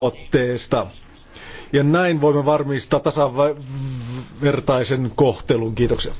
otteesta. Ja näin voimme varmistaa tasavertaisen kohtelun. Kiitoksia.